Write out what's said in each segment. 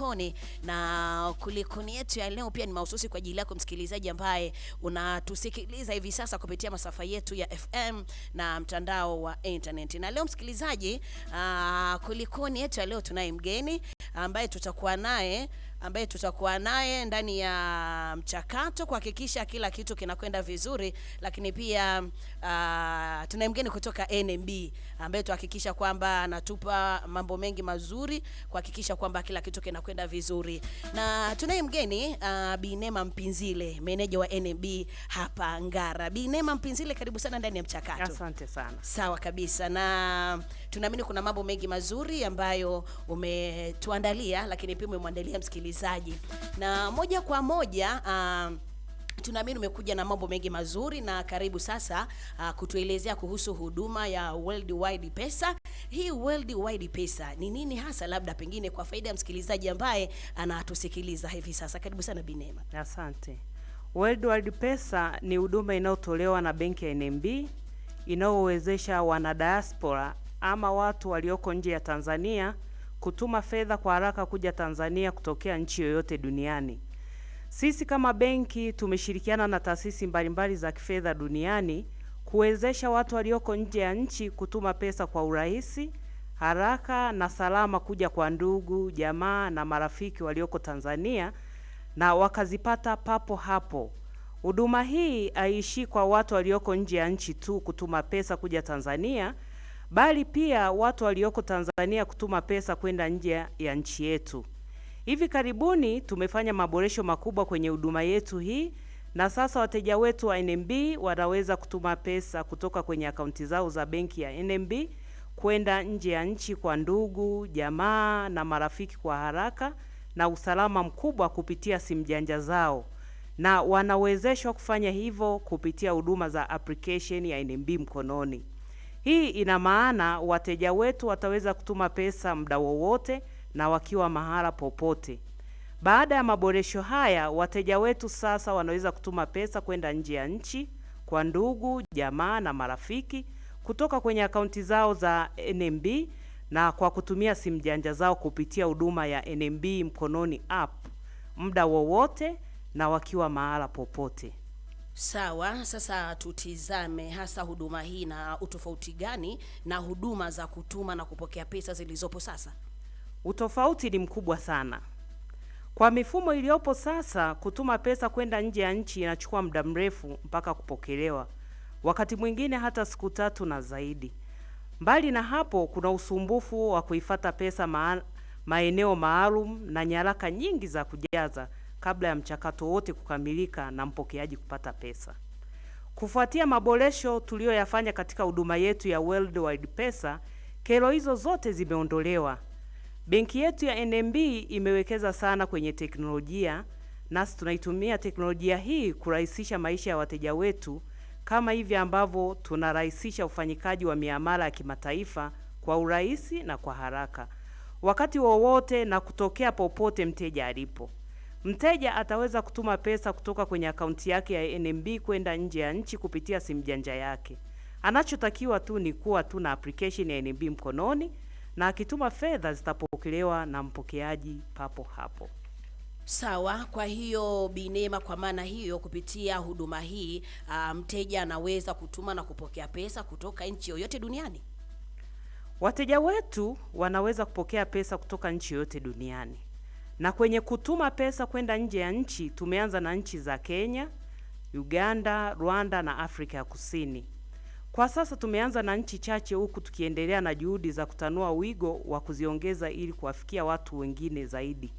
kulikoni, na kulikoni yetu ya leo pia ni mahususi kwa ajili yako msikilizaji ambaye unatusikiliza hivi sasa kupitia masafa yetu ya FM na mtandao wa internet. Na leo msikilizaji, uh, kulikoni yetu ya leo tunaye mgeni ambaye tutakuwa naye ambaye tutakuwa naye ndani ya mchakato kuhakikisha kila kitu kinakwenda vizuri, lakini pia uh, ah, tuna mgeni kutoka NMB ambaye tuhakikisha kwamba anatupa mambo mengi mazuri kuhakikisha kwamba kila kitu kinakwenda vizuri, na tunaye mgeni uh, Binema Mpinzile, meneja wa NMB hapa Ngara. Binema Mpinzile, karibu sana ndani ya mchakato. Asante sana. Sawa kabisa, na tunaamini kuna mambo mengi mazuri ambayo umetuandalia, lakini pia umemwandalia msikilizaji msikilizaji, na moja kwa moja uh, tunaamini umekuja na mambo mengi mazuri, na karibu sasa uh, kutuelezea kuhusu huduma ya Worldwide Pesa. Hii Worldwide Pesa ni nini hasa, labda pengine kwa faida ya msikilizaji ambaye anatusikiliza hivi sasa? Karibu sana Binema. Asante. Worldwide Pesa ni huduma inayotolewa na benki ya NMB inayowezesha wanadiaspora ama watu walioko nje ya Tanzania kutuma fedha kwa haraka kuja Tanzania kutokea nchi yoyote duniani. Sisi kama benki tumeshirikiana na taasisi mbalimbali za kifedha duniani kuwezesha watu walioko nje ya nchi kutuma pesa kwa urahisi, haraka na salama kuja kwa ndugu, jamaa na marafiki walioko Tanzania na wakazipata papo hapo. Huduma hii haiishii kwa watu walioko nje ya nchi tu kutuma pesa kuja Tanzania bali pia watu walioko Tanzania kutuma pesa kwenda nje ya nchi yetu. Hivi karibuni tumefanya maboresho makubwa kwenye huduma yetu hii na sasa wateja wetu wa NMB wanaweza kutuma pesa kutoka kwenye akaunti zao za benki ya NMB kwenda nje ya nchi kwa ndugu, jamaa na marafiki kwa haraka na usalama mkubwa kupitia simu janja zao, na wanawezeshwa kufanya hivyo kupitia huduma za application ya NMB mkononi. Hii ina maana wateja wetu wataweza kutuma pesa muda wowote na wakiwa mahala popote. Baada ya maboresho haya, wateja wetu sasa wanaweza kutuma pesa kwenda nje ya nchi kwa ndugu, jamaa na marafiki kutoka kwenye akaunti zao za NMB na kwa kutumia simu janja zao kupitia huduma ya NMB mkononi app muda wowote na wakiwa mahala popote. Sawa, sasa tutizame hasa huduma hii na utofauti gani na huduma za kutuma na kupokea pesa zilizopo sasa. Utofauti ni mkubwa sana. Kwa mifumo iliyopo sasa, kutuma pesa kwenda nje ya nchi inachukua muda mrefu mpaka kupokelewa, wakati mwingine hata siku tatu na zaidi. Mbali na hapo, kuna usumbufu wa kuifata pesa ma maeneo maalum na nyaraka nyingi za kujaza kabla ya mchakato wote kukamilika na mpokeaji kupata pesa. Kufuatia maboresho tuliyoyafanya katika huduma yetu ya Worldwide Pesa, kero hizo zote zimeondolewa. Benki yetu ya NMB imewekeza sana kwenye teknolojia, nasi tunaitumia teknolojia hii kurahisisha maisha ya wateja wetu kama hivi ambavyo tunarahisisha ufanyikaji wa miamala ya kimataifa kwa urahisi na kwa haraka wakati wowote na kutokea popote mteja alipo. Mteja ataweza kutuma pesa kutoka kwenye akaunti yake ya NMB kwenda nje ya nchi kupitia simu janja yake. Anachotakiwa tu ni kuwa tu na application ya NMB mkononi na akituma fedha zitapokelewa na mpokeaji papo hapo. Sawa. Kwa hiyo Binema, kwa maana hiyo, kupitia huduma hii ah, mteja anaweza kutuma na kupokea pesa kutoka nchi yoyote duniani. Wateja wetu wanaweza kupokea pesa kutoka nchi yoyote duniani. Na kwenye kutuma pesa kwenda nje ya nchi tumeanza na nchi za Kenya, Uganda, Rwanda na Afrika ya Kusini. Kwa sasa tumeanza na nchi chache huku tukiendelea na juhudi za kutanua wigo wa kuziongeza ili kuwafikia watu wengine zaidi.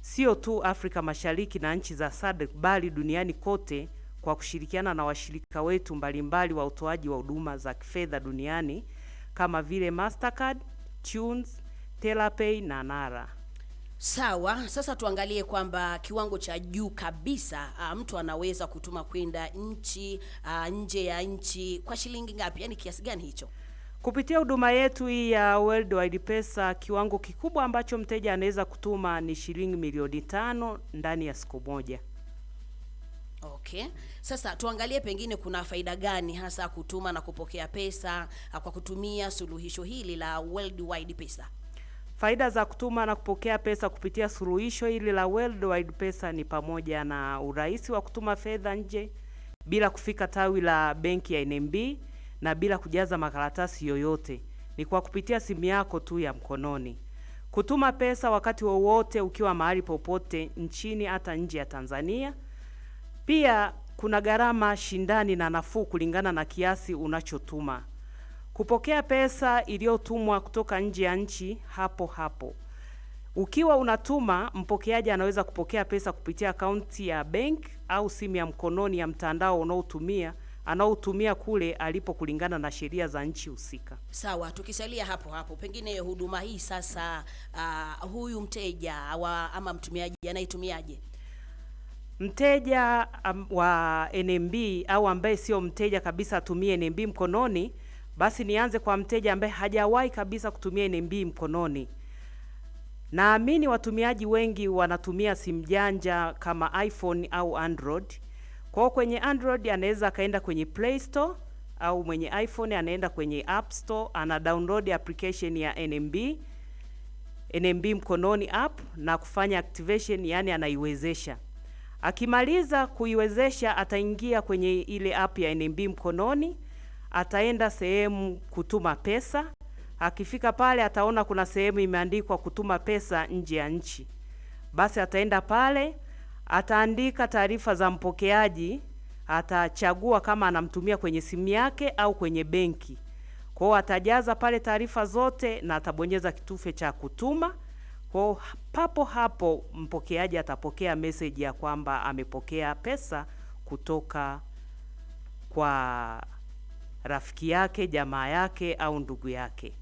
Sio tu Afrika Mashariki na nchi za SADC bali duniani kote kwa kushirikiana na washirika wetu mbalimbali wa utoaji wa huduma za kifedha duniani kama vile Mastercard, Tunes, Telapay na Nara. Sawa, sasa tuangalie kwamba kiwango cha juu kabisa a, ah, mtu anaweza kutuma kwenda nchi a, ah, nje ya nchi kwa shilingi ngapi? Yaani kiasi gani hicho? Kupitia huduma yetu hii ya Worldwide Pesa, kiwango kikubwa ambacho mteja anaweza kutuma ni shilingi milioni tano ndani ya siku moja. Okay. Sasa tuangalie pengine kuna faida gani hasa kutuma na kupokea pesa ah, kwa kutumia suluhisho hili la Worldwide Pesa. Faida za kutuma na kupokea pesa kupitia suluhisho hili la Worldwide Pesa ni pamoja na urahisi wa kutuma fedha nje bila kufika tawi la benki ya NMB na bila kujaza makaratasi yoyote. Ni kwa kupitia simu yako tu ya mkononi. Kutuma pesa wakati wowote ukiwa mahali popote nchini hata nje ya Tanzania. Pia kuna gharama shindani na nafuu kulingana na kiasi unachotuma kupokea pesa iliyotumwa kutoka nje ya nchi hapo hapo. Ukiwa unatuma, mpokeaji anaweza kupokea pesa kupitia akaunti ya benki au simu ya mkononi ya mtandao unaotumia anaotumia kule alipo kulingana na sheria za nchi husika. Sawa, tukisalia hapo hapo, pengine huduma hii sasa, uh, huyu mteja wa, ama mtumiaji anaitumiaje? Mteja um, wa NMB au ambaye sio mteja kabisa atumie NMB mkononi basi nianze kwa mteja ambaye hajawahi kabisa kutumia NMB mkononi. Naamini watumiaji wengi wanatumia simu janja kama iPhone au Android. Kwa kwenye Android anaweza akaenda kwenye Play Store au mwenye iPhone anaenda kwenye App Store, ana download application ya NMB NMB mkononi app na kufanya activation, yani anaiwezesha. Akimaliza kuiwezesha, ataingia kwenye ile app ya NMB mkononi ataenda sehemu kutuma pesa. Akifika pale ataona kuna sehemu imeandikwa kutuma pesa nje ya nchi, basi ataenda pale, ataandika taarifa za mpokeaji, atachagua kama anamtumia kwenye simu yake au kwenye benki. Kwa hiyo atajaza pale taarifa zote na atabonyeza kitufe cha kutuma. Kwa papo hapo mpokeaji atapokea meseji ya kwamba amepokea pesa kutoka kwa rafiki yake, jamaa yake au ndugu yake.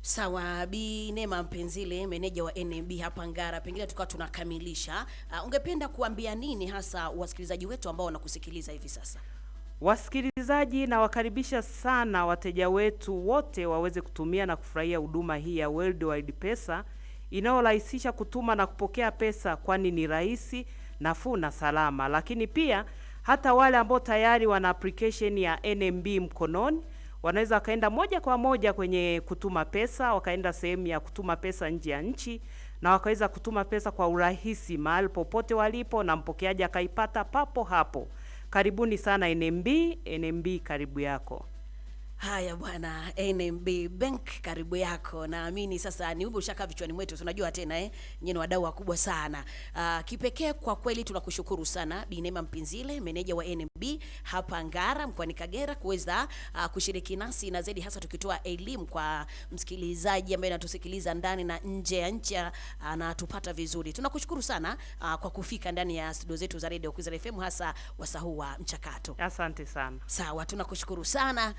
Sawa, Bi Neema Mpenzile, meneja wa NMB hapa Ngara, pengine tukawa tunakamilisha. Uh, ungependa kuambia nini hasa wasikilizaji wetu ambao wanakusikiliza hivi sasa? Wasikilizaji, nawakaribisha sana wateja wetu wote waweze kutumia na kufurahia huduma hii ya Worldwide Pesa inayorahisisha kutuma na kupokea pesa, kwani ni rahisi, nafuu na salama, lakini pia hata wale ambao tayari wana application ya NMB mkononi wanaweza wakaenda moja kwa moja kwenye kutuma pesa, wakaenda sehemu ya kutuma pesa nje ya nchi na wakaweza kutuma pesa kwa urahisi mahali popote walipo, na mpokeaji akaipata papo hapo. Karibuni sana NMB. NMB karibu yako. Haya bwana, NMB Bank karibu yako. Naamini sasa ni wimbo ushaka vichwani mwetu, tunajua tena eh, nyinyi ni wadau wakubwa sana. Uh, kipekee kwa kweli tunakushukuru sana Binema Mpinzile, meneja wa NMB hapa Ngara mkoani Kagera kuweza uh, kushiriki nasi na zaidi hasa tukitoa elimu kwa msikilizaji ambaye anatusikiliza ndani na nje ya nchi ah, anatupata uh, vizuri. Tunakushukuru sana uh, kwa kufika ndani ya studio zetu za Radio Kwizera FM hasa wasaa wa mchakato. Asante sana. Sawa, tunakushukuru sana.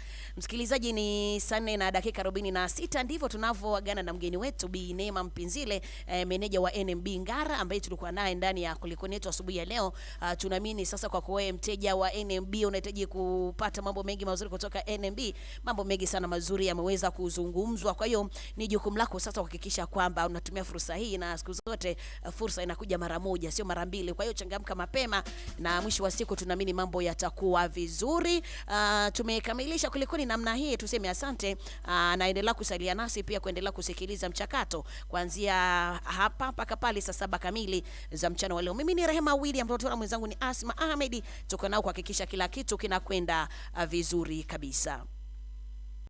Msikilizaji, ni saa nne na dakika arobaini na sita ndivyo tunavyoagana na mgeni wetu Bi Neema Mpinzile eh, meneja wa NMB Ngara ambaye tulikuwa naye ndani ya Kulikoni yetu asubuhi ya leo. Uh, tunaamini sasa kwa kuwa mteja wa NMB unahitaji kupata mambo mengi mazuri kutoka NMB. Mambo mengi sana mazuri yameweza kuzungumzwa, kwa hiyo ni jukumu lako sasa kuhakikisha kwamba unatumia fursa hii, na siku zote eh, fursa inakuja mara moja, sio mara mbili. Kwa hiyo changamka mapema, na mwisho wa siku tunaamini mambo yatakuwa vizuri. Uh, tumekamilisha Kulikoni na namna hii tuseme asante. anaendelea ah, kusalia nasi pia kuendelea kusikiliza mchakato kuanzia hapa mpaka pale saa saba kamili za mchana wa leo. Mimi ni Rehema William, mtoto mwenzangu ni Asma Ahmed, tuko nao kuhakikisha kila kitu kinakwenda ah, vizuri kabisa.